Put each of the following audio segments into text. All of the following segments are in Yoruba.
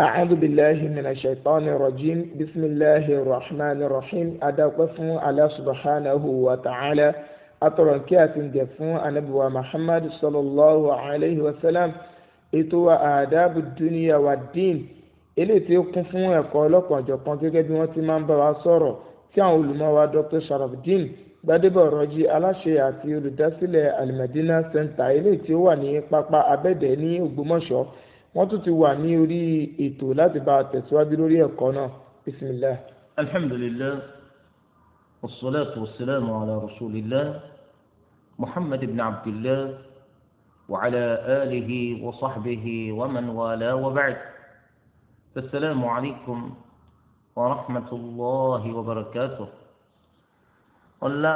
أعوذ بالله من الشيطان الرجيم بسم الله الرحمن الرحيم أدقفن على سبحانه وتعالى أترون كاتن جفن أنبوى محمد صلى الله عليه وسلم ètò àdáb dúníà wà dín eléyìí tí ó kún fún ẹ̀kọ́ ọlọ́kan ọ̀jọ̀kan gẹ́gẹ́ bí wọ́n ti máa ń bá wa sọ̀rọ̀ tí àwọn olùmọ̀ wa dr sharafdin gbadebo ọ̀rọ̀jì aláṣẹ àti olùdásílẹ̀ alimadina center eléyìí tí ó wà ní pápá abẹ́dẹ̀ ní ògbómọ̀ṣọ́ wọ́n tún ti wà ní orí ètò láti bá a tẹ̀síwájú lórí ẹ̀kọ́ náà bisimilá. alhamdulilah wasalaatu wasalaamu ala rasulillah muhammad ibn abdillah wa ala alihi wa saxbihi wa man wala wa bacd asalaamu calaykum wa rahmatulahi wa barakatuh. ọ̀la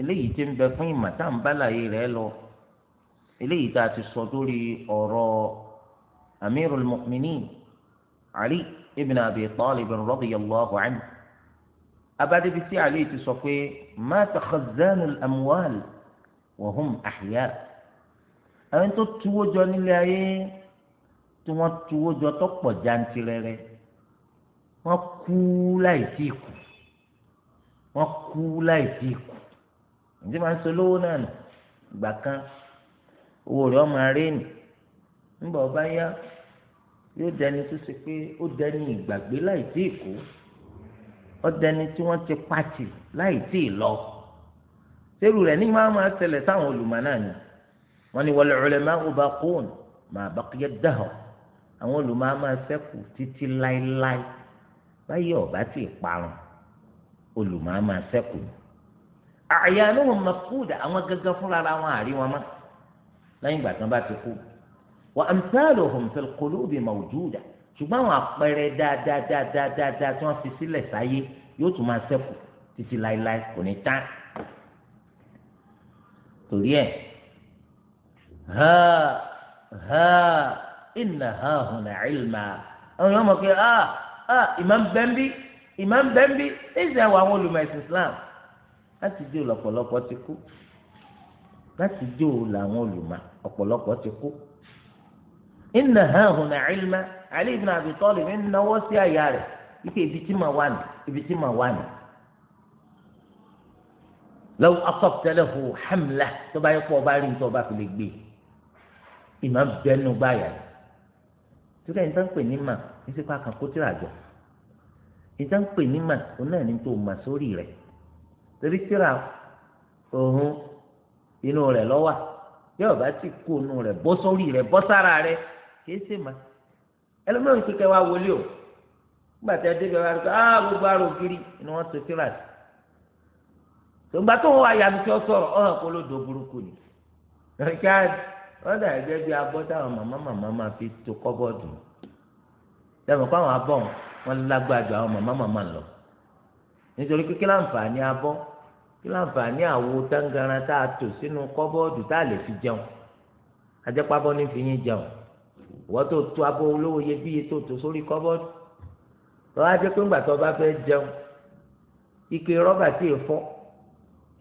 eléyìí ti ń bẹ fún ìmọ̀ tá à ń bá láàyè rẹ̀ lọ. eléyìí tá a ti sọ lórí ọ̀rọ̀ amirul mu'minin ali ibn abi talib radiyallahu anhu abadebi tí ali ti sọ pé mata khazanul amwal wa hum ahya àwọn tó tuwó jọ nílé ayé tí wọ́n tuwó jọ tó pọ̀ jantirẹrẹ wọ́n kú láì tí kú wọ́n kú láì tí kú ǹjẹ́ máa ń sọ lówó náà nù gbà kan owó rẹ̀ ọmọ arẹ́ẹ̀nì nígbà ọba yá yóò dẹni tó ṣe pé ó dẹni ìgbàgbé láì tí ì kú ó dẹni tí wọ́n ti pàtì láì tí ì lọ sẹ́rù rẹ̀ ní máa máa ṣẹlẹ̀ sáwọn olùmọ̀ náà ni wọ́n ní wal ulama'u baqun ma baqiya dahr àwọn olùmọ̀ á máa ṣẹ́kù títí láéláé báyìí ọ̀bá tí ì parun olùmọ̀ á máa ṣẹ́kù àyà lóhùn mọ̀kúdà àwọn gẹ́gẹ́ fúnra ara wọn àrí wọn máa lẹ́yìn ìgbà tí wọ́n bá ti kú wa amsaluhum fil qulubi mawjuda ṣùgbọ́n àwọn àpẹẹrẹ dáadáadáadáa tí wọ́n fi sílẹ̀ sáyé yóò tún máa ṣẹ́kù títí láéláé kò ní tán torí ẹ̀ ha ha inna ha hùnà ilma àwọn yóò mọ̀ pé a ah, a ah, imam bẹ́ńbí imam bẹ́ńbí ẹ̀sìn àwọn olùmọ̀ ẹ̀sìn Islam láti dé ọ̀pọ̀lọpọ̀ ti kú láti jó o làwọn olùmọ̀ ọ̀pọ̀lọpọ̀ ti kú. inna hahuna ilma ali ibn abi talib ń náwó sí àyà rẹ̀ ike ibi tí màá wà ní ibi tí màá wà ní. law asabta lahu hamla tó bá yẹ kó ọba rí nítorí ọba fi lè gbé ìmọ̀ bẹ́nu báyà rẹ̀. torí ẹni tó ń pè ní mà ní sípò àkàkótìrà àjọ ní tó ń pè ní mà òun náà ní tó mà sórí rẹ̀ torí tíra òun inú rẹ̀ lọ́wà bí ọba ti kó inú rẹ̀ bọ́ sórí rẹ̀ bọ́ sára rẹ̀ kìí ṣe má ẹlẹ́mọ̀rún kíkẹ́ wa wọlé o nígbà tí a débi ọba rẹ̀ ah gbogbo ara ògiri ni wọ́n ti tíra sí tòǹgbà tó ń wá yanu tí ó sọ̀rọ̀ ọ̀hàn kó ló do burúkú ni kíá wọ́n dà gẹ́gẹ́ bí abọ́ táwọn màmá màmá máa fi to kọ́bọ́ọ̀dù dẹ́mọ̀ kó àwọn abọ́ wọn lágbájọ àwọn màmá màmá lọ nítorí kíkí láǹfààní abọ́ kí láǹfààní àwo tangaran tá a tò sínú kọ́bọ́ọ̀dù tá a lè fi jẹun ajẹ́pábọ́ ní fi yín jẹun ìwọ́n tó tu abọ́ olówó iyebíye tó tò sórí kọ́bọ́ọ̀dù lọ́wọ́ ajẹ́ pé ńgbà tó bá fẹ́ jẹun ike rọ́bà tí ì fọ́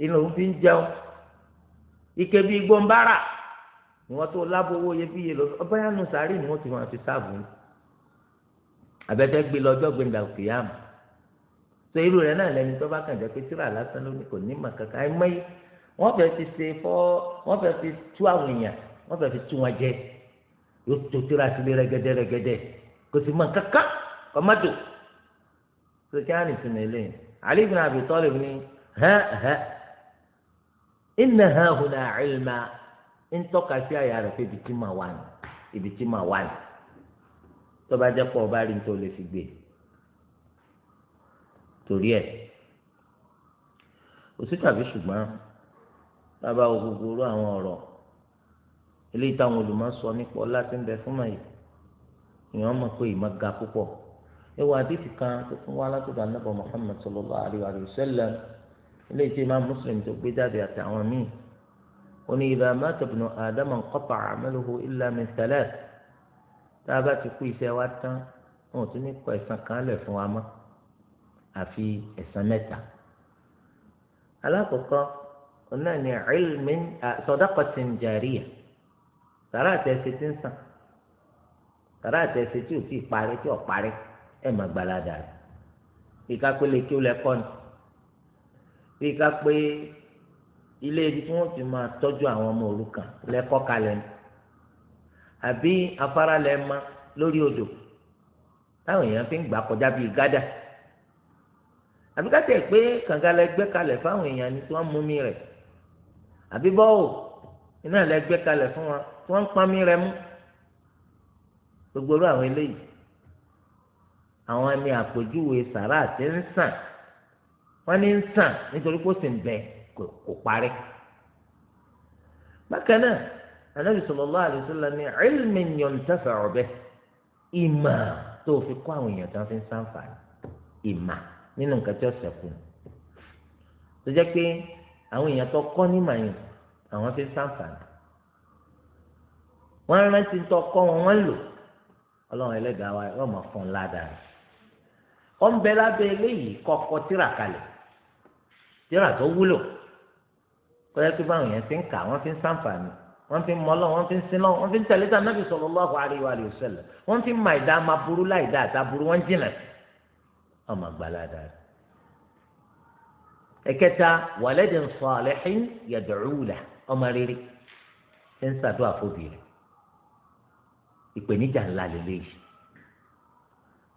inú òun fi ń jẹun ike bíi gbọ̀nbárà ìwọ́n tó lábọ́ owó iyebíye lọ ọbẹ̀ yánu sàárì ni wọ́n ti máa fi sáàbù ní abẹ́tẹ́ gbé lọ́jọ́ gbẹ̀ndà òkè so irú rẹ náà lẹni tó bá kàn jẹ pé tíra lásán ló ní kò ní màkà ká ẹmọ yìí wọn fẹẹ fi ṣe fọ wọn fẹẹ fi tú àwọn èèyàn wọn fẹẹ fi tú wọn jẹ yóò tó tíra sílé rẹgẹdẹ rẹgẹdẹ kò so kí á nìtú ibi tí màá wà ní ibi tí màá wà ní jẹ́ pọ̀ ọba torí ẹ̀ òsì tàbí ṣùgbọ́n bàbá wo gbogbo orú àwọn ọ̀rọ̀ eléyìí táwọn olùmọ̀ sọ nípa ọlá tí ń bẹ fún màyì èèyàn mọ̀ pé ìmọ̀ ga púpọ̀ ẹ wọ àdìsí kan tó fún wa látọ̀dọ̀ anábọ̀ Muhammad sallallahu alaihi wa sallam eléyìí tí Imam Muslim tó gbé jáde àtàwọn míì ó ní idha mata ibnu Adama inqata'a 'amaluhu tá a bá ti kú iṣẹ́ wa tán wọn ò tún ní kọ ẹ̀san kan lẹ̀ fún wa mọ́ àfi ẹ̀san mẹ́ta alákọ̀ọ́kọ́ ọ̀nà ni ilmin sadaqatin jariyah sàrà àtẹ̀sí ti ń sàn sàrà àtẹ̀sí tí ò tí ì parí tí ò parí ẹ̀ má gbalada rẹ̀ ìka pé lè kí ó lẹ kọ́ ni ìka pé ilé ibi tí wọ́n ti máa tọ́jú àwọn ọmọ òrukàn lẹ́kọ́ kalẹ̀ ni àbí afárá lẹ́ẹ̀ lórí odò táwọn èèyàn fi ń gbà kọjá bíi gádà àbí kátẹ pé kànga lẹ gbẹ́ kalẹ̀ fáwọn èèyàn ni tí wọ́n mú mi rẹ̀ àbí bọ́ọ̀ iná lẹ gbẹ́ kalẹ̀ fún wa tí wọ́n ń pa mi rẹ̀ mú gbogbo àwọn eléyìí àwọn ẹni àpèjúwe sàrà àti ń sàn wọ́n ní ń sàn nítorí kó sì ń bẹ kò parí bákan náà anabi sallallahu alaihi wasallam ní ilmin yuntafa'u bih ìmà tó fi kọ́ àwọn èèyàn tó fi ń sàǹfààní ìmà nínú nǹkan tí ọ̀sẹ̀ kù tó jẹ́ pé àwọn èèyàn tó kọ́ ní màyàn àwọn fi ń sàǹfààní wọ́n rántí tó kọ́ wọn wọ́n lò ọlọ́run ẹlẹ́dàá wa yóò máa fún un ládàá rẹ̀ ó ń bẹ lábẹ́ eléyìí kọ́kọ́ tíra kalẹ̀ tíra tó wúlò kọ́yẹ́ tó báwọn yẹn ti ń kà wọ́n fi ń sàǹfààní wọ́n fi ń mọ́lọ́ wọ́n fi ń sinọ́ wọ́n fi ń tẹ̀lé tá nábì sallallahu alaihi wa sallam wọ́n fi ń mà ìdá máa burú láì dá àtàbúrú wọ́n jìnà sí ọmọ àgbàládà rẹ ẹ̀kẹta waladin salihin yad'u lahu ọmọ rere ṣe ń ṣàdúrà fóbi rẹ ìpèníjà ńlá lélẹyìí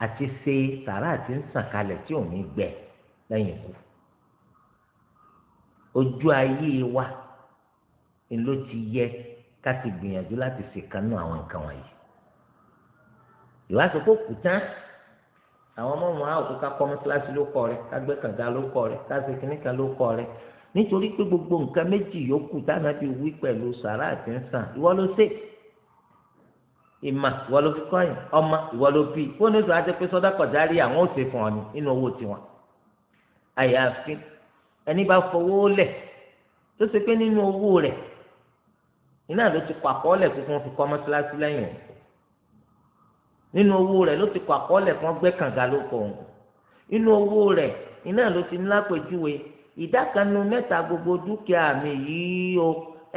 àti ṣe tààrà àti ń sàn kalẹ̀ tí ò ní gbẹ lẹ́yìn ikú ojú ayé wa ni ló ti yẹ ká ti gbìyànjú láti ṣèkánú àwọn nǹkan wọ̀nyí ìwà sọ pé kù àwọn ọmọ wọn àwòkọ́ ká kọ́ mọ́sálásí ló kọ́ rẹ̀ ká gbé kànga ló kọ́ rẹ̀ ká ṣe kínní kan ló kọ́ rẹ̀ nítorí pé gbogbo nǹkan méjì yòókù táwọn ti wí pẹ̀lú sàrà àti ń sàn ìwọ ló ṣe ìmà ìwọ ló fi kọ́yìn ọmọ ìwọ ló bí fóònù ìṣòro àti pé sọdá kọjárí àwọn ò ṣe fún ọ ní nínú owó tiwọn àyàfi ẹni bá fowó lẹ̀ tó ṣe pé nínú owó rẹ̀ iná ló ti pàkọ́ lẹ̀ kó fi kọ́ mọ́sálásí lẹ́yìn o nínú owó rẹ̀ ló ti kọ àkọọ́lẹ̀ kan gbẹ́ kànga ló kọ òun inú owó rẹ̀ iná ló ti ní lápèjúwe ìdá kan nu mẹ́ta gbogbo dúkìá mi yìí o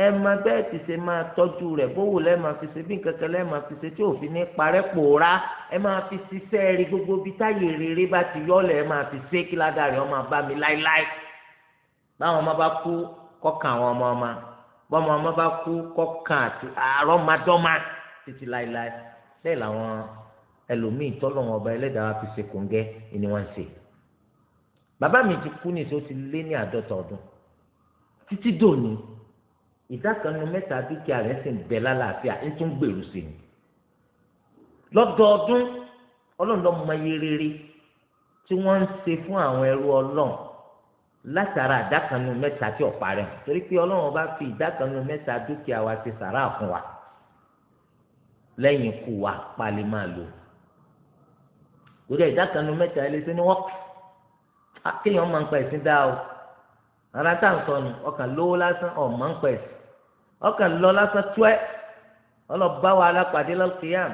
ẹ máa bẹ́ẹ̀ ti ṣe máa tọ́jú rẹ̀ bówó lẹ́ẹ̀ máa fi ṣe bí nǹkan kan lẹ́ẹ̀ máa fi ṣe tí òfin ní parẹ́ pòórá ẹ máa fi ṣiṣẹ́ rí gbogbo bí táyé rere bá ti yọ́lẹ̀ ẹ máa fi ṣe kí ládàrí ọmọ bá mi láéláé báwọn ọmọ bá kú kọ́kàn àwọn ọmọ ọmọ bọ́mọ ọmọ bá kú kọ́kàn àti àrọ́mọdọ́mọ títí láéláé bẹ́ẹ̀ làwọn ẹlòmíì tọ́lọ́wọ́n ọba ẹlẹ́dàá fi ṣe kòńgẹ́ ni wọ́n ń ṣe bàbá mi ti kú nìṣó ti lé ní àádọ́ta ọdún títí dòní ìdá kan nu mẹ́ta dúkìá rẹ̀ sì ń bẹ lálàáfíà ń tún gbèrú sí ni lọ́dọọdún ọlọ́run ló mọ iye rere tí wọ́n ń ṣe fún àwọn ẹrú ọlọ́run látara ìdá kan nu mẹ́ta tí ọ̀pá rẹ̀ torí pé ọlọ́run bá fi ìdá kan nu mẹ́ta dúkìá wa ṣe sàrà fún wa lẹ́yìn ikú wa pálí máa lò torí ẹ̀dá kanu mẹ́ta ẹ lè ṣe ní wọ́n kéèyàn máa ń pa ẹ̀sìn dáa o ara tá à ń sọnù ọkàn lówó lásán ọ̀ máa ń pa ẹ̀sìn ọkàn lọ lásán tuẹ́ ọlọ́ba wa alápàdé lọ́kìyàm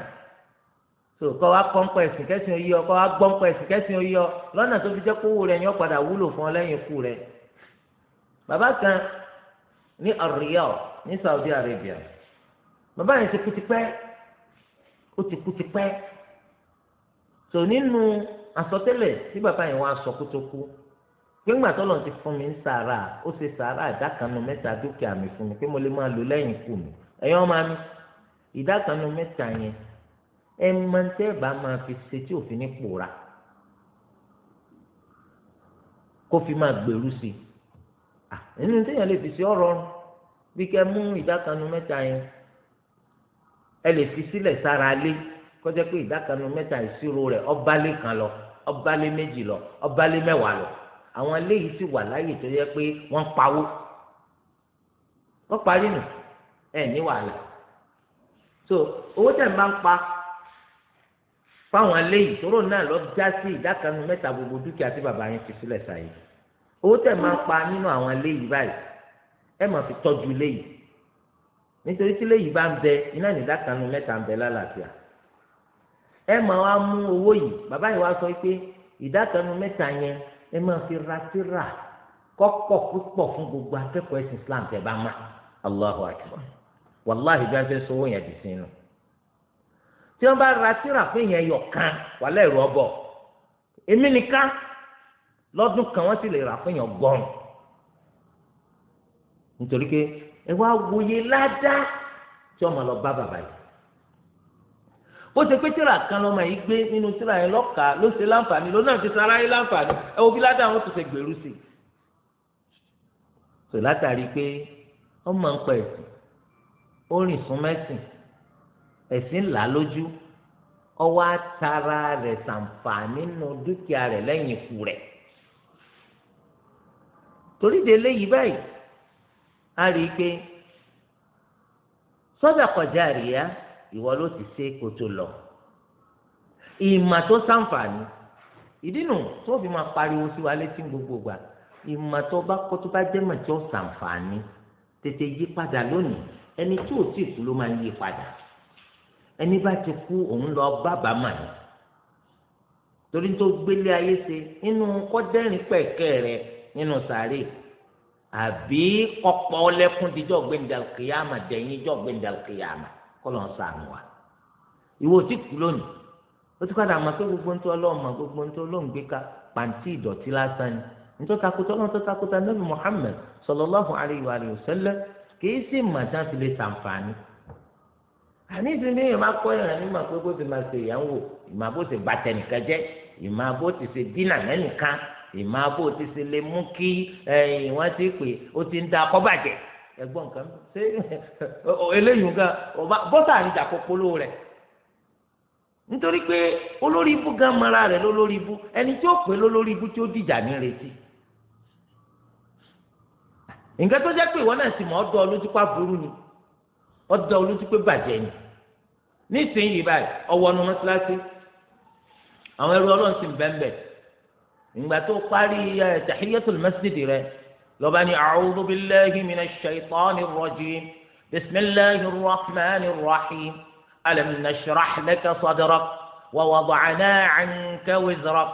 tó kọ́ wa kọ́ ń pa ẹ̀sìn kẹ́sìn oyé ọ kọ́ wa gbọ́ ń pa ẹ̀sìn kẹ́sìn oyé ọ lọ́nà tó fi jẹ́ kówó rẹ̀ ni ó padà wúlò fún ọ lẹ́yìn ikú rẹ̀ bàbá kan ní Riyadh ní Saudi Arabia bàbá yẹn ti kú tipẹ́ ó ti kú tipẹ́ tò nínú àsọtẹ́lẹ̀ tí bàbá yẹn wá sọ kó tó kú gbẹ̀ngbà tọ́lọ̀ ti fún mi ń sàrà ó ṣe sàrà ìdákanu mẹ́ta dúkìá mi fún mi pé mo lè máa lò lẹ́yìn kù mi ẹ̀yin ọmọ mi ìdákanu mẹ́ta yẹn ẹ máa ń tẹ́ bá máa fi ṣe tí òfin ní pòórá kó fi máa gbèrú sí i nínú téèyàn lè fi ṣe ọ̀rọ̀ bí kẹ́ mú ìdákanu mẹ́ta yẹn ẹ lè fi sílẹ̀ sára lé kọjá pé ìdákanu mẹ́ta ìṣirò rẹ̀ ọbalẹ kan lọ ọbalẹ méjì lọ ọbalẹ mẹ́wàá lọ àwọn eléyìí sì wà láyè tó yẹ pé wọ́n pawó wọ́n parí nù ẹ ní wàhálà so owó tẹ̀ ń bá ń pa fáwọn eléyìí tóró náà lọ já sí ìdákanu mẹ́ta gbogbo dúkìá tí bàbá yẹn fi sílẹ̀ sáyé owó tẹ̀ máa ń pa nínú àwọn eléyìí báyìí ẹ máa fi tọ́jú eléyìí nítorí tí eléyìí bá ń bẹ iná ìdákanu mẹ́ta ń bẹ lálàáfíà. ẹ máa wá mú owó yìí bàbá yìí wá sọ pé ìdákanu mẹ́ta yẹn ẹ máa fi ra síra kọ́pọ̀ fún gbogbo akẹ́kọ̀ọ́ Islam tẹ̀ bá má Allahu akbar wàláhì bí a fẹ́ sọ owó yẹn sínú tí wọ́n bá ra fún yẹn kan wàlẹ́ èmi nìkan kan wọ́n sì lè rà fún yẹn nítorí pé ẹ wá wòye ládàá tí lọ bá bàbá yìí bó ṣe pé tíra kan lọ́mọ yìí gbé nínú tíra yẹn lọ́ka ló ṣe láǹfààní ló náà ti sara yín láǹfààní ẹ wo bí ládàá wọn tó ṣe gbèrú sí i. sọ látàrí pé wọ́n máa ń pa ẹ̀sìn ó rìn sún mẹ́sìn ẹ̀sìn là lójú ọwọ́ àtàrà rẹ̀ ṣàǹfààní nínú dúkìá rẹ̀ lẹ́yìn ikú rẹ̀. torí de léyìí báyìí a rí i pé sọ́dà kọjá rèé á ìwọ ló sì ṣe kó tó lọ ìmà tó ṣàǹfààní ìdínú tó fi máa pariwo sí wa létí gbogbo gbà ìmà tó bá kọ́ tó bá jẹ́ mà tí ó ṣàǹfààní tètè yí padà lónìí ẹni tí ò tíì kú ló máa ń yí padà ẹni bá ti kú òun lọ bábà mà ní torí tó gbélé ayé ṣe nínú kọ́dẹ́rìn pẹ̀kẹ́ rẹ nínú sàárè àbí ọ̀pọ̀ ọlẹ́kùn díjọ́ gbẹ̀ndàkìyàmà dẹ̀yìn díjọ́ gbẹ̀ndàkìyàmà kọlọ ń sànù wa ìwọ tí kú lónìí ó ti padà mọ pé gbogbo ń tó ọlọ́run mọ gbogbo ń tó ọlọ́run gbé ká pàǹtí ìdọ̀tí lásán ni nítorí takotọ́ náà tó takotọ́ anábì Muhammad sallallahu alayhi wa sallam kìí sì mà tí wọ́n fi lè sàǹfààní àní ìsinmi yìí máa kọ́ ìrìn àní máa pé bó ti máa ṣe ìyàwó ìmọ̀ bó ti bàtẹ nìkan jẹ́ ìmọ̀ bó ti ṣe dínà lẹ́nìkan ìmọ̀ bó ti ṣe lè mú kí eh, wọ́n ti pè ó ti ń da akọ́bàjẹ́ ẹ̀gbọ́n kan bẹ́ẹ̀ ṣé eléyìí gan ọba bọ́sà ń jà kókóló rẹ̀ nítorí pé olórí ibú gan mara rẹ̀ lólórí ibú ẹni tí ó pè lólórí ibú tí ó dìjà ní retí nǹkan tó jẹ́ pé ìwọ náà sì mọ̀ ọ́ dọ́ olójúpá burú ni ọ́ dọ́ olójúpé bàjẹ́ ni nísìnyí báyìí ọwọ́ ọ̀nà mọ́sálásí àwọn ẹrú ọlọ́run sì ń bẹ́ẹ̀ bẹ́ẹ̀ ìgbà tó parí eh, tahiyatul masjid rẹ̀ lọ́ba ni a'udhu billahi minash shaitanir rajim bismillahir rahmanir rahim alam nashrah laka sadrak wa wada'na 'anka wizrak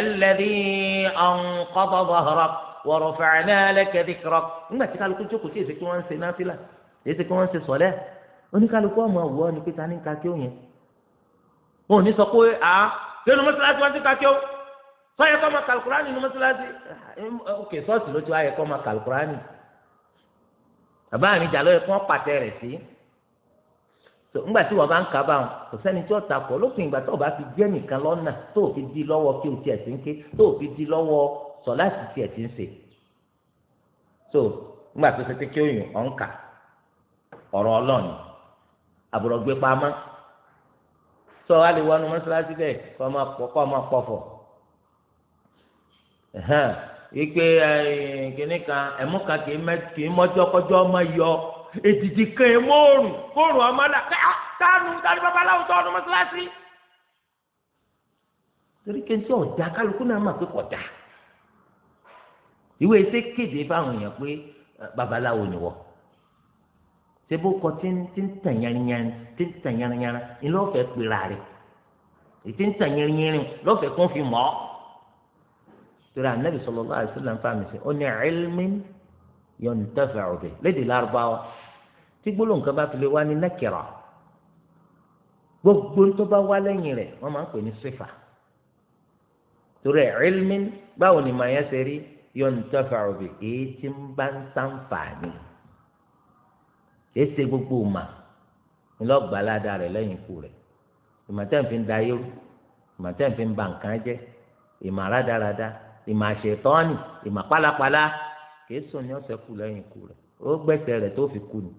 alladhi anqadha dhahrak wa rafa'na laka dhikrak. nígbà tí kálukú jókòó tí èsì kí wọ́n ń ṣe náfìlà èsì kí wọ́n ń ṣe sọ̀lẹ́ oníkálukú ọmọ àwùwọ́ ni pété ní kakíó yẹn. wọn ò ní sọ pé à sẹ́nu mọ́sálásí wọn ti kakíó sọ́yẹ kọ́ ma kàlùkùránì ní mọ́sálásí ok sọ́ọ̀sì ló ti wáyẹ kọ́ ma kàlùkùránì bàbá àníjà ló yẹ kọ́ pàtẹ rẹ̀ sí tó ńgbà tí wọ́n bá ń kábà wọn kò sẹ́ni tí ó ta pọ̀ lópin ìgbà tó o bá fi jẹ́ nìkan lọ́nà tó o fi di lọ́wọ́ kí o tiẹ̀ ti ń ké tó o fi di lọ́wọ́ sọ̀láàtì tiẹ̀ ti ń ṣe tó ńgbà tó ṣe kí oyún ọ̀ ń kà ọ̀rọ̀ ọlọ́ọ̀ni àbúrò gbé pamọ́ tó o wá lè wọnú mọ́sálásí bẹ́ẹ̀ kọ́ ọ máa hàn wípé kìnnì kan ẹ̀mú kan kì í mọ́jọ́kọ́jọ́ ọmọ yọ ètìtì kan ẹ̀ mọ́ọ̀rùn kóòrùn ọmọ là káànù tani babaláwo tó ọdún mọ́sálásí. torí kẹ́ńtì ọ̀dà kálukú náà mà pé kọ̀dà ìwé ẹsẹ̀ kéde fáwọn èèyàn pé babaláwo ni wọ́n sebo kọ tí ń tí ń tàn yanyanyan tí ń tàn yanyanyan ni lọ́fẹ̀ẹ́ pera rẹ̀ tí ń tàn yanyanyan lọ́fẹ̀ẹ́ kún fi mọ́ ọ́ torí anabi sallallahu alaihi wasallam fáàmì sí ó ní ilmin yuntafa'u bihi lédè lárúbáwá tí gbólóhùn kan bá fi lè wá ní nakira gbogbo tó bá wá lẹ́yìn rẹ̀ wọ́n máa ń pè ní sífà torí ilmin báwo ni màá yẹ ṣe rí yuntafa'u bihi èyí tí ń bá ń sàǹfààní èsè gbogbo mà ńlọgbàládà rẹ̀ lẹ́yìn ikú rẹ̀ ìmọ̀tẹ́ǹfin dayó ìmọ̀tẹ́ǹfin ba ìmọ̀ ìmọ̀ àṣetọ́ni ìmọ̀ pálapàla kéésùn ni ó ṣẹ́kù lẹ́yìn ikú rẹ̀ ó gbẹ̀sẹ̀ rẹ̀ tó fi kú ni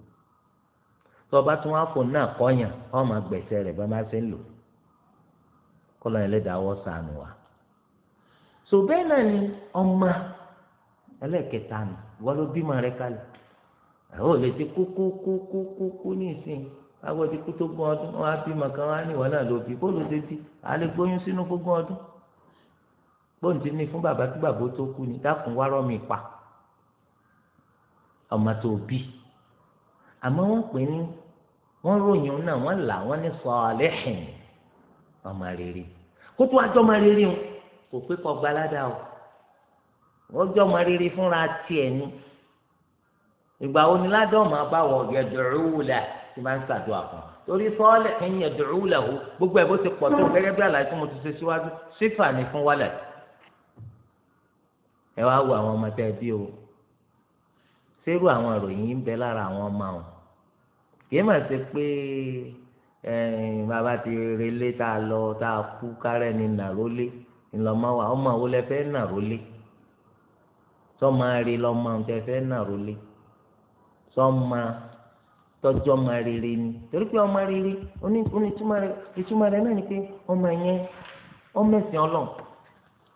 tọba tí wọ́n á fò náà kọ́yàn ọmọ gbẹ̀sẹ̀ rẹ̀ bá má ṣe ń lò kọ́lọ́ ẹlẹ́dàá wọ́ sànù wa so bẹ́ẹ̀ náà ni ọmọ ẹlẹ́kẹta nù wọ́n ló bímọ rẹ kalẹ̀ àwọn lè ti kú kú kú kú kú kú ní ìsìn àwọn tó gbọ́n ọdún wọn á bímọ kan wọn á níwọ̀n náà lò bí bó bóun ti ní fún bàbá kí bàbá tó kú ni dákun wá rọ́ mi pa ọmọ tó bí àmọ́ wọ́n pè ní wọ́n ròyìn náà wọ́n là wọ́n ní sọ̀ọ́lẹ́hìn ọmọ rere kótó àjọ ọmọ rere o kò pé kọ gbalada o wọ́n jọ ọmọ rere fúnra tiẹ̀ ni ìgbà wo ni ládọ́ ọmọ abáwọ̀ yẹ̀dùrúwùlà ti máa ń ṣàdúrà fún un torí sọ́ọ́lẹ̀ ń yẹ̀dùrúwùlà o gbogbo ẹ̀ bó ti pọ̀ tó gẹ́gẹ́ bí àlàyé tí mo ti ṣe síwájú sífà ni fún wálẹ̀ ẹ wá wo àwọn ọmọ tẹ́ bí o sẹ́rù àwọn ìròyìn ń bẹ lára àwọn ọmọ àwọn kì í mà ṣe pé bàbá ti relé tá a lọ tá a kú kárẹ́ ni nàrólé ńlọmọ wa ọmọ wo lẹ fẹ́ nàrólé sọ́mọ rí lọ́mọ tẹ fẹ́ nàrólé sọ́mọ tọ́jú ọmọ rere ni torí pé ọmọ rere onítúmọ̀ rẹ náà ni pé ọmọ yẹn ọmọ ẹ̀sìn ọlọ́run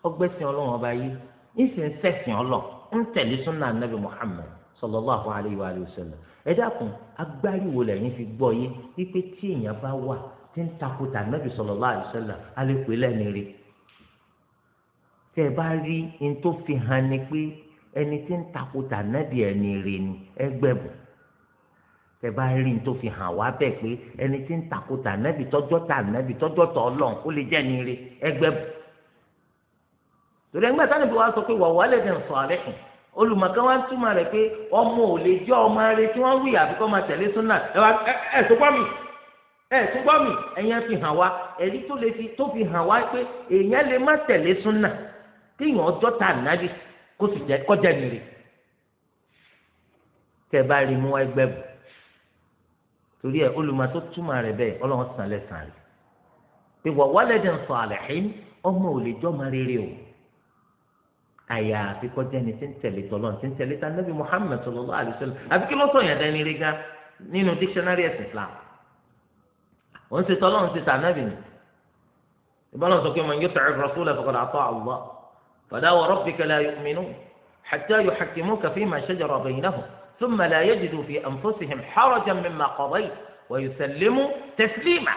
ọgbẹ́sìn ọlọ́run ọba yìí. níṣẹ́ ń sẹ̀sìn ọlọ ń tẹ̀lé súnà nàbì Muhammad sallallahu alayhi wa sallam ẹ dákun agbáriwo lẹ́yìn fi gbọ́ yé wípé tí èèyàn bá wà tí ń takuta nàbì sallallahu alayhi wa sallam alẹ́pẹ́ rí tẹ́ ẹ bá rí fi hàn ni pé ẹni tí ń takuta nàbì ẹni rí ni ẹgbẹ́bùn fi hàn wá bẹ́ẹ̀ pé ẹni tí ń tọ́jọ́ tọ́jọ́ tọ́ lè jẹ́ torí ẹgbẹ́ sani bí wàá sọ pé wàá wàá lè dẹ̀ sọ àlẹ́ olùmọ̀kẹ́ wa ń pé ọmọ ò lè jẹ́ ọmọ rẹ̀ tí wọ́n wí àbíkọ́ máa tẹ̀lé súnà ẹ tó gbọ́ mi ẹ tó gbọ́ mi fi hàn wá ẹ̀rí tó lè fi tó fi hàn wá pé èèyàn lè má tẹ̀lé súnà ọjọ́ kó sì bá rí mú torí olùmọ̀ tó túmọ̀ àyàfi kọjá ẹni tí ń tẹ̀lé tọ́lọ́ tí ń tẹ̀lé tá nàbì Muhammad sallallahu alaihi àfi kí ló sọ yẹn dání rí gan nínú dictionary ẹ̀sìn Islam òun ṣe tọ́lọ́ òun ṣe tà nẹ́bí ni ìbára sọ pé man yuti'i ar-rasula faqad ata'a Allah fala wa rabbika la yu'minun hatta yuhakkimuka fima shajara baynahum thumma la yajidu fi anfusihim harajan mimma qadayta wa yusallimu taslima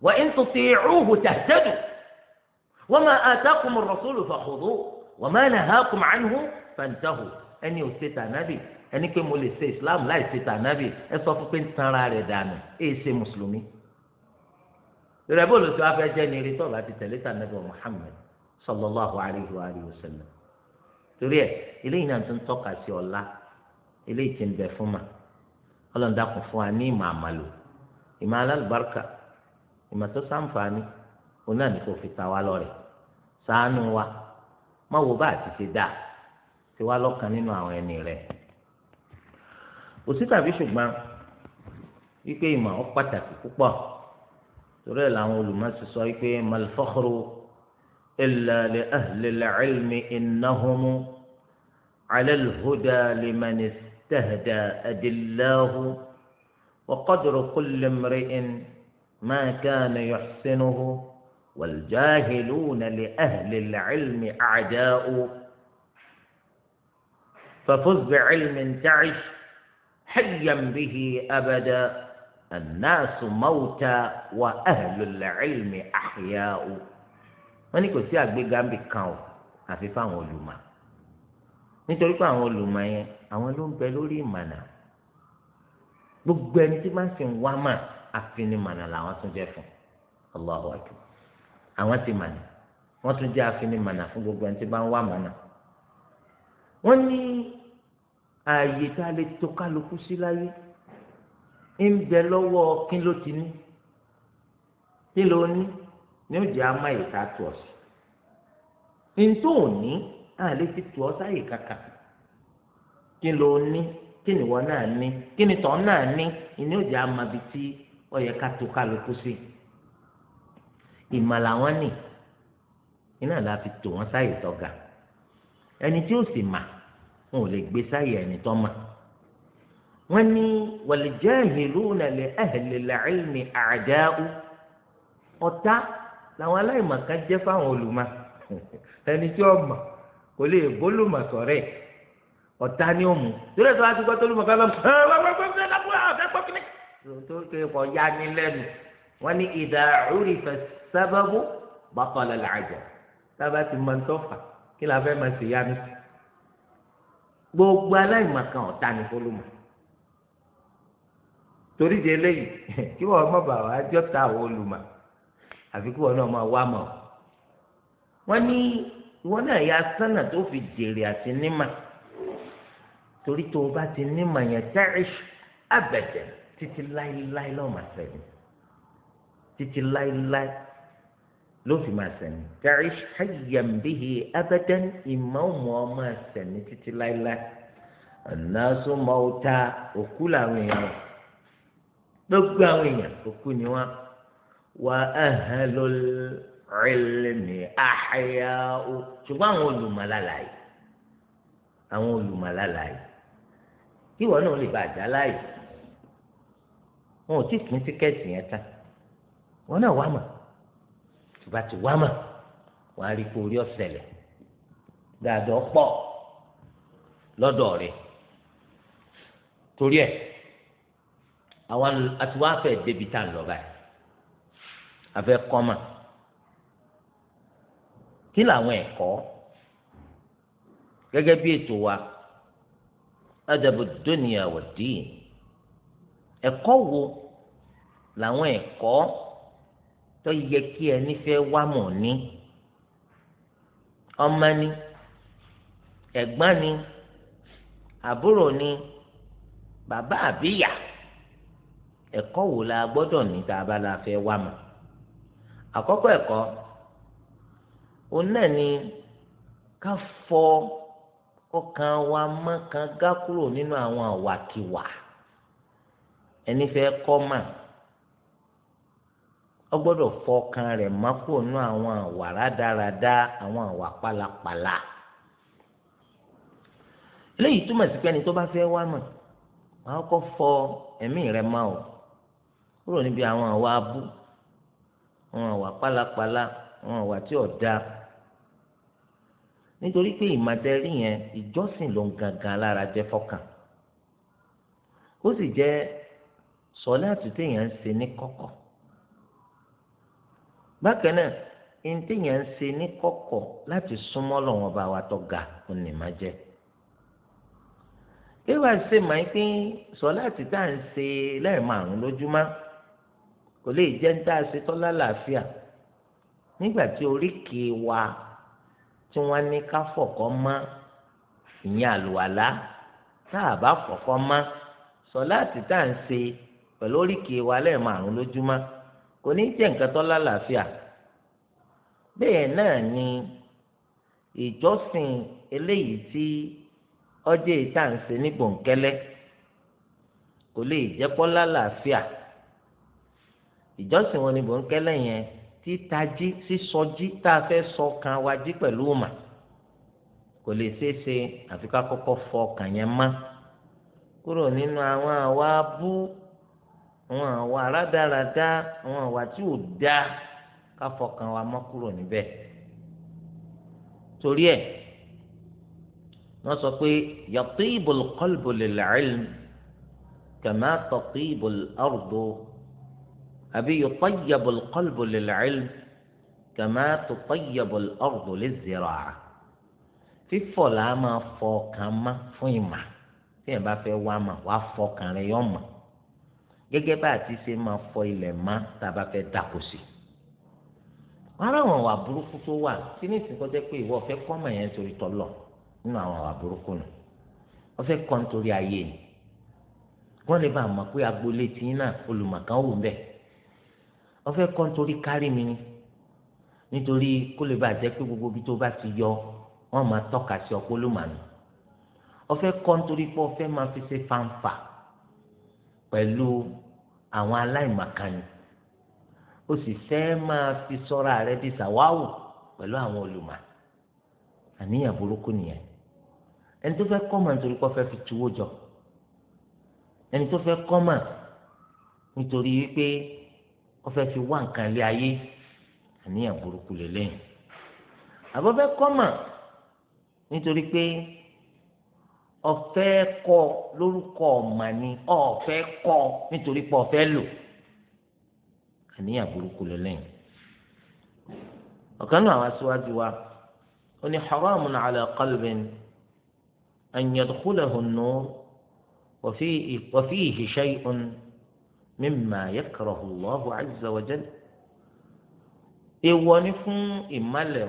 wa in tuti'uhu tahtadu. wama atakum ar-rasulu fakhudhu wama nahakum anhu fantahu ẹni ò ṣe tànàbì ẹni pé mo lè ṣe islam láì ṣe tànàbì ẹ sọ fún pé ń tanra rẹ̀ dànù ẹ ṣe mùsùlùmí. rẹ̀ bó ló ti wá fẹ́ jẹ́ ní eré tọ́ba ti tẹ̀lé tànàbì Muhammad sallallahu alayhi wa alihi wa sallam. torí ẹ eléyìí náà tún tọ́ka sí ọlá eléyìí ti ń bẹ fún ma ọlọ́ọ̀dà kún fún wa ní ìmọ̀ àmàlò ìmọ̀ alálùbáríkà ìmọ̀ tó sáǹfààní òun náà ní kò fi ta wá lọ́rẹ̀ẹ́ ṣàánú wa má wo bá àti ṣe dáa ti wá lọ́kàn nínú àwọn ẹni rẹ̀ òsì tàbí ṣùgbọ́n wípé ìmọ̀ ọ́ pàtàkì púpọ̀ torí ẹ̀ làwọn olùmọ̀ọ́sí sọ wípé malfakhru illa li ahli al-ilmi innahum ala al-huda liman istahda adillahu wa qadru kulli imri'in ma kana yuhsinuhu. والجاهلون لأهل العلم أعداء ففز بعلم تعش حيا به أبدا الناس موتى وأهل العلم أحياء wọ́n ní kò sí àgbéga ń bì kan o àfi fáwọn olùmọ̀ nítorí pé àwọn olùmọ̀ yẹn àwọn ló ń bẹ lórí ìmọ̀nà gbogbo ẹni tí máa ń wá mà àfinimọ̀nà làwọn tún jẹ́ fún Allahu àwọn ti mànà wọn tún jẹ́ afinimànà fún gbogbo ẹni tí bá ń wá mànà. wọ́n ní ààyè tá a lè tó kálukú sí láyé ń bẹ lọ́wọ́ kí ló ti ní kí ló ní ní ó jẹ́ àmọ́ àyè tá a tù ọ́ sí. ntó ò ní a lè fi tù ọ́ sáyè kàkà kí ló ní kí ni wọ́n náà ní kí ni tọ́ náà ní ìní ó jẹ́ àmọ́ àbí tí ó yẹ ká tó kálukú sí. Si ìmọ̀ làwọn nì iná la fi tò wọ́n sáyè tọ́ga ẹni tí ó sì mà wọn ò lè gbé sáyè ẹni tó mà wọ́n ní waljahiluna li ahlil ilmi a'da'u ọ̀tá làwọn aláìmọ̀ jẹ́ fáwọn olùmọ̀ ẹni tí ó mọ̀ kò lè bólúmọ̀ sọ̀rẹ́ ọ̀tá ni ó mú torí tó wá ti gbọ́ tó lùmọ̀ kan lọ ẹ wá wá wá wá wá wá fẹ́ gbọ́ kíní. tó kẹ́ kọ́ ya ní lẹ́nu wọ́n ní idha urifa sábàbù bàtàlà làjà sábà ti máa ń tọ́fà kí la fẹ́ máa ṣe yá mi gbogbo aláìmọ̀kan ọ̀tá ni fọlọ́mọ torí di eléyìí kí wọn má bàa wá jọ ta àwọn olùmọ̀ àfi kí wọn náà máa wá mọ̀ wọn ní ìwọ náà ya sánà tó fi jèrè àti nímà torí tó o bá ti nímà yẹn tẹ́rìṣ abẹ̀dẹ̀ títí láéláé lọ́mọ àṣẹ títí láéláé ló fi máa sẹ̀mí ta'ish hayyan bihi abadan ìmọ̀ọ́mù ọmọ sẹ̀mí títí láéláé an-nasu mauta òkú làwọn èèyàn gbogbo àwọn èèyàn òkú ni wọn wa ahlul ilmi ahya'u ṣùgbọ́n àwọn olùmọ̀lálàyé àwọn olùmọ̀lálàyé kí wọn náà lè bá àjà láàyè wọn ò tí ì tíkẹ́ẹ̀tì yẹn tán wọn náà wà mọ̀ bá ti wá mà wọ́n á rí kó orí ọ̀sẹ̀lẹ̀ dáadọ́ pọ̀ lọ́dọ̀ rẹ̀ torí ẹ̀ àwọn àtiwá fẹ́ débi tá à ń lọ báyìí àfẹ́ kọ́mà kí làwọn ẹ̀kọ́ gẹ́gẹ́ bí ètò wa adabu dunya wa din ẹ̀kọ́ wo làwọn ẹ̀kọ́. E tó yẹ kí ẹ nífẹ̀ẹ́ wá mọ̀ ní ọmọ ni ẹ̀gbọ́n ni àbúrò ni bàbá àbíyà ẹ̀kọ́ wo la gbọ́dọ̀ ní tá a bá la fẹ́ wá mọ̀ àkọ́kọ́ ẹ̀kọ́ òun náà ni ká fọ ọkàn wa mọ́ kan gá kúrò nínú àwọn àwàkiwà ẹni fẹ́ kọ́ mà ó gbọ́dọ̀ fọkàn rẹ̀ mọ́kò nú àwọn àwà rádaràda àwọn àwà pálapàla eléyìí túmọ̀ sí pé ẹni tó bá fẹ́ wá mọ̀ máa kọ́ fọ ẹ̀mí rẹ̀ mọ́ o kúrò níbi àwọn àwà abú àwọn àwà pálapàla àwọn àwà tí ò da nítorí pé ìmọ̀tẹ́rì yẹn ìjọsìn ló ń gangan lára jẹ́ fọkàn ó sì jẹ́ sọlá àtúntẹ̀yàn ń ṣe ní kọ̀kọ̀ bákan náà ìntìyàn ń ṣe ní kọ̀kọ̀ láti súnmọ́ lọ́wọ́n bá wa tó ga kò ní má jẹ́ ìwà ṣe máa ń pín sọláàtì tá à ń ṣe lẹ́ẹ̀márùn lójúmọ́ kò lè jẹ́ ń tá a ṣe tọ́lá làáfíà nígbà tí oríkèé wa tí wọ́n ní ká fọ̀kọ́ mọ́ ìyẹn àlùwàlá tá a bá fọ̀kọ́ mọ́ sọláàtì tá à ń ṣe pẹ̀lú oríkèé wa lẹ́ẹ̀márùn lójúmọ́ kò ní jẹ́ nǹkan tó lálàáfíà bẹ́ẹ̀ náà ni ìjọsìn eléyìí tí ọjọ́ ìta ń ṣe ní bòńkẹ́lẹ́ kò lè jẹ́ kó lálàáfíà ìjọsìn wọn ní bòńkẹ́lẹ́ yẹn títají sísọjí tá a fẹ́ sọ kan wa jí pẹ̀lú òmà kò lè ṣeé ṣe àfi ká fọ ọkàn yẹn mọ́ kúrò nínú àwọn àwa bú. àwọn àwa aládàradà àwọn àwa tí ò dáa ká fọkàn wa mọ́ kúrò níbẹ̀ torí ẹ̀ wọ́n sọ pé yatibul qalbu lil ilm kama tatibul ardu àbí yutayyabul qalbu lil ilm kama tutayyabul ardu lizzira'a fífọ̀ làá máa fọ ọkàn má fún ìmà tí yẹn bá fẹ́ wá mà wá fọkàn rẹ yọ̀ mà gẹ́gẹ́ bá àti ṣe máa fọ ilẹ̀ má tàbá fẹ́ dàkó sí i wọn àwọn àwà burúkú tó wà tí ní ìsìn kọjá pé ìwọ ọ̀fẹ́ kọ́ mọ̀ yẹn torí tọ́lọ̀ nínú àwọn àwà burúkú nù ọ̀fẹ́ kọ́ nítorí ayé ni wọ́n lè bá mọ̀ pé agboolé tìyín náà olùmọ̀kan wò bẹ́ẹ̀ ọ̀fẹ́ kọ́ nítorí kárí mi ni nítorí kó lè bá jẹ́ pé gbogbo ibi tó bá ti yọ wọ́n máa tọ́ka sí ọpọ́ ló mà kọ́ nítorí pé ọ̀fẹ́ máa fi ṣe fanfa pẹ̀lú àwọn aláìmàkànnì ó sì fẹ́ máa fi sọ́ra rẹ di sàwáwò pẹ̀lú àwọn olùmọ̀ àníyàn burúkú nìyẹn ẹni tó fẹ́ kọ́mà nítorí kó fẹ́ fi tuwó jọ ẹni tó fẹ́ kọ́mà nítorí wípé ó fẹ́ fi wá nǹkan lé ayé àníyàn burúkú lélẹ́yìn àbọ̀fẹ́ kọ́mà nítorí pé ọ̀fẹ́ kọ́ lórúkọ ọ̀mà ni ọ̀fẹ́ kọ́ nítorí pé ọ̀fẹ́ lò àníyàn burúkú lẹ́lẹ́yìn ọ̀kan náà àwọn aṣáájú wa ó ní haramun ala qalbin an yadkhulahu an-nur wa fihi shay'un mimma yakrahu Allahu azza wa jalla ni fún ìmálẹ̀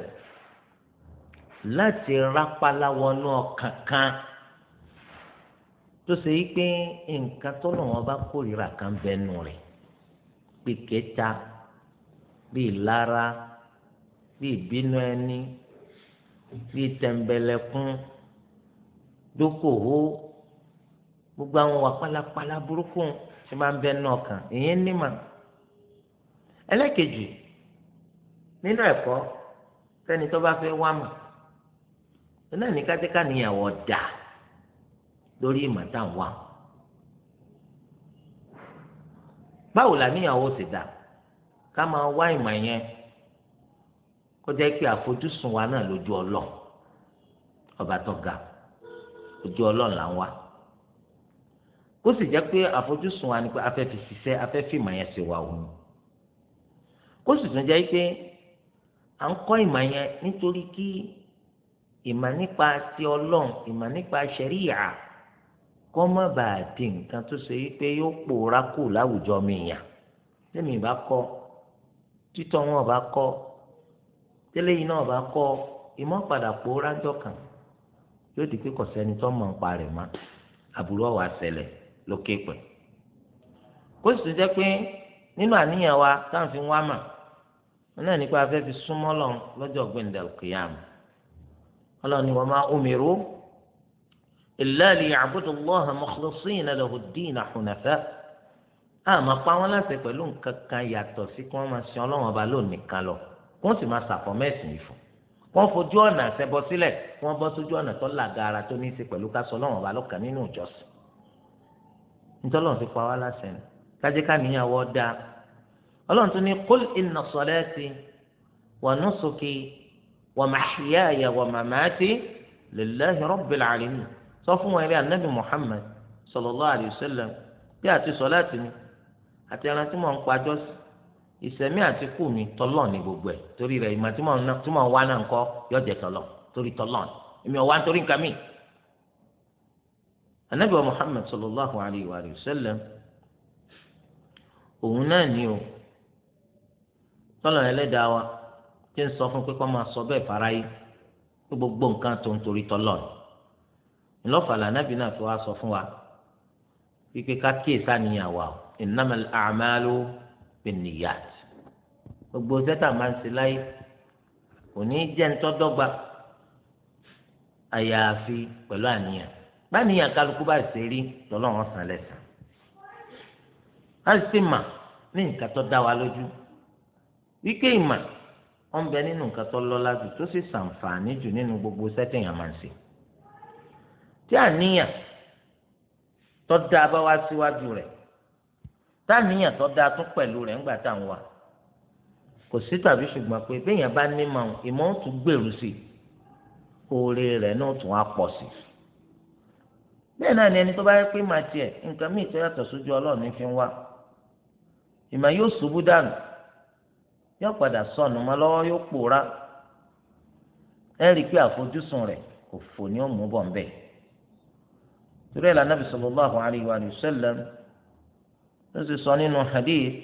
láti rápálá wọnú ọkàn kan. kan tó ṣe yí pé nǹkan tó lọ́wọ́ bá kórìíra kan bẹnu rẹ̀ bí kẹta bí ìlara bí ìbínú ẹni bí tẹ̀m̀bẹ̀lẹ̀kún dókòwò gbogbo àwọn wà pálapàla burúkú tí máa ń bẹnu ọkàn ìyẹn nímà ẹlẹ́kejì nínú ẹ̀kọ́ sẹ́ni tó bá fẹ́ wá mà náà ní kátíkà níyàwó dáa lórí ìmọ̀ tá à ń wá. báwo la níyàwó sì dà ká máa wá ìmọ̀ yẹn kó jẹ́ pé àfojúsùn wa náà lójú ọlọ́run ọba tó ga ojú ọlọ́run là ń wá kó sì jẹ́ pé àfojúsùn wa ni pé afẹ́ fi ṣiṣẹ́ afẹ́ fi ìmọ̀ yẹn ṣe wà òun kó sì tún jẹ́ pé à ń kọ́ ìmọ̀ yẹn nítorí kí ìmọ̀ nípa ti ọlọ́run ìmọ̀ nípa ṣẹ̀ríyà kọ́mọ́ bá a di nǹkan tó ṣe wípé yóò pòórá kù láwùjọ mi yàn tẹ́mi bá kọ́ títọ́ wọn bá kọ́ tẹ́lẹ̀ yìí náà bá kọ́ pòórá jọ kàn yóò di pé kò sẹ́ni tó mọ̀ ń parẹ̀ mọ́ àbúrò wa ṣẹlẹ̀ lókè pẹ̀. nínú àníyàn wa táwọn fi wá mà wọn fi súnmọ́ lọ́jọ́ gbẹ̀ndẹ̀ إلا ليعبدوا الله مخلصين له الدين حنفاء àmọ́ pa wọ́n láṣẹ pẹ̀lú nǹkan kan yàtọ̀ sí kí wọ́n máa sin Ọlọ́run ọba lónìí kan lọ kí wọ́n sì máa ṣàfọmẹsìn ìfún wọ́n fojú ọ̀nà àṣẹbọ sílẹ̀ kí wọ́n bọ́ sójú ọ̀nà tó làgàrà tó ní í ṣe pẹ̀lú káṣọ Ọlọ́run ọba lọ́kàn nínú ìjọsìn nítọ́lọ́run ti pa wá láṣẹ ni kájẹ́ káníyàwó dáa Ọlọ́run tún ní qul inna salati wa nusuki wa mahyaya wa mamati lillahi rabbil alamin sọ fún wọn eré anabi muhammed sallallahu alayhi wa sallam bí àti sọláàtì mi àti ẹran tí mò ń pàjọ sí ìsẹ̀mí àti kù mi tọ́lọ̀ ní gbogbo ẹ̀ torí rẹ̀ ìmọ̀ tí mò ń wá náà ń kọ́ yọjẹ̀ tọ́lọ̀ torí tọ́lọ̀ èmi ò wá nítorí nǹkan mi. anabi muhammed sallallahu alayhi wa sallam òun náà ni o tọ́lọ̀ ẹlẹ́dàá wa ti ń sọ fún pé kó máa sọ bẹ́ẹ̀ fara yìí gbogbo nǹkan tó ń torí tọ́lọ̀ ni ńlọ́fàlà nàbì náà fi wá sọ fún wa wípé ká kíyè sáníyàn wa o innamal a'malu binniyat gbogbo sẹ́tà máa ń ṣe láyé kò ní í jẹ́ ńtọ́dọ́gba àyàfi pẹ̀lú àníyàn báníyàn kálukú bá ṣe rí lọ́lọ́run san lẹ́san á sì mà ní nǹkan tó dá wa lójú wíkẹ́ ìmà ọ̀nbẹ nínú nǹkan tó lọ́lá jù tó sì ṣàǹfààní jù nínú gbogbo sẹ́tẹ̀yàn máa ń ṣe tí àníyàn tó dáa bá wá síwájú rẹ̀ táníyàn tó dáa tún pẹ̀lú rẹ̀ ńgbà tá à ń wà kò sí tàbí ṣùgbọ́n pé béèyàn bá ní màá ìmọ̀ ń gbèrú sí oore rẹ̀ náà tún á pọ̀ sí i náà ni ẹni tó bá yẹ pé màá tiẹ̀ nǹkan míì tó yàtọ̀ sójú ọlọ́run ní fi ń wá ìmọ̀ yóò ṣubú dànù yóò padà sọnù mọ́ lọ́wọ́ yóò pòórá ẹ rí i pé àfojúsùn rẹ̀ òfò ni ó mú bọ̀ ń bẹ́ẹ̀. torí ẹ̀ lànà bisalòláhu alayhi wa sallam ló sì sọ nínú hadith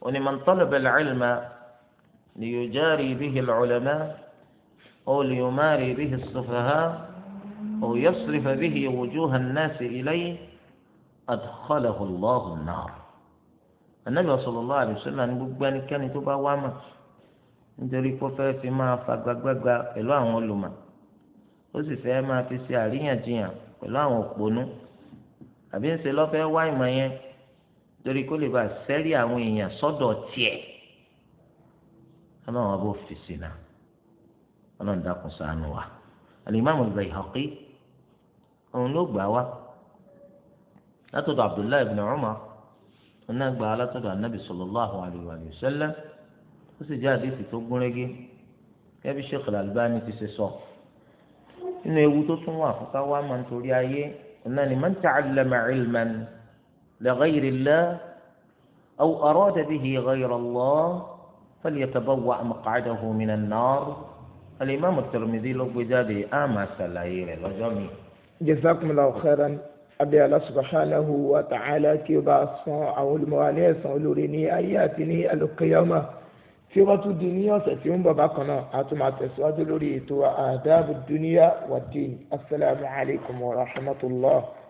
oní man talaba al-ilma liyujari bihi al-ulama aw liyumari bihi as-sufaha aw yasrifa bihi wujuha an-nasi ilayhi adkhalahu Allahu an-nar anabi sallallahu alayhi wa sallam ní gbogbo ẹnikẹ́ni tó bá wá mà nítorí kó fẹ́ fi máa fagbágbága pẹ̀lú àwọn olùmọ̀ ó sì fẹ́ máa fi ṣe àríyànjiyàn. pẹ̀lú àwọn òpònú àbí ń ṣe lọ́fẹ́ wá ìmọ̀ yẹn torí kó lè bá sẹ́rí àwọn èèyàn sọ́dọ̀ tiẹ̀ ọlọ́run ọba òfìsì náà ọlọ́run dákun ṣàánú wa alimami Bayhaqi òun ló gbà wá látọ̀dọ̀ Abdullahi ibn Umar òun náà gbà wá látọ̀dọ̀ anabi sallallahu alayhi wa sallam ó sì jẹ́ àdéhùn tó gúnrégé kẹ́bí Sheikh al ti ṣe sọ. So nínú ewu tó tún wà fún ká wá máa ń torí ayé náà ni man ta'allama ilman li ghayri Allah aw arada bihi ghayra Allah falyatabawwa maq'adahu minan nar al-imam at-Tirmidhi ló gbé jáde á máa ṣàlàyé rẹ̀ lọ́jọ́ mi. jazakumullahu khairan abi Allah subhanahu wa ta'ala kí o bá san àwọn olùmọ̀wálé ẹ̀sán olórí ní ayé àti ní al tí ó bá tún di ní ọ̀sẹ̀ tí ó ń bọ̀ bákan náà a tún máa tẹ̀síwájú lórí ètò àdáàbò dúníà wà dín asalaamualeykum wa rahmatulah.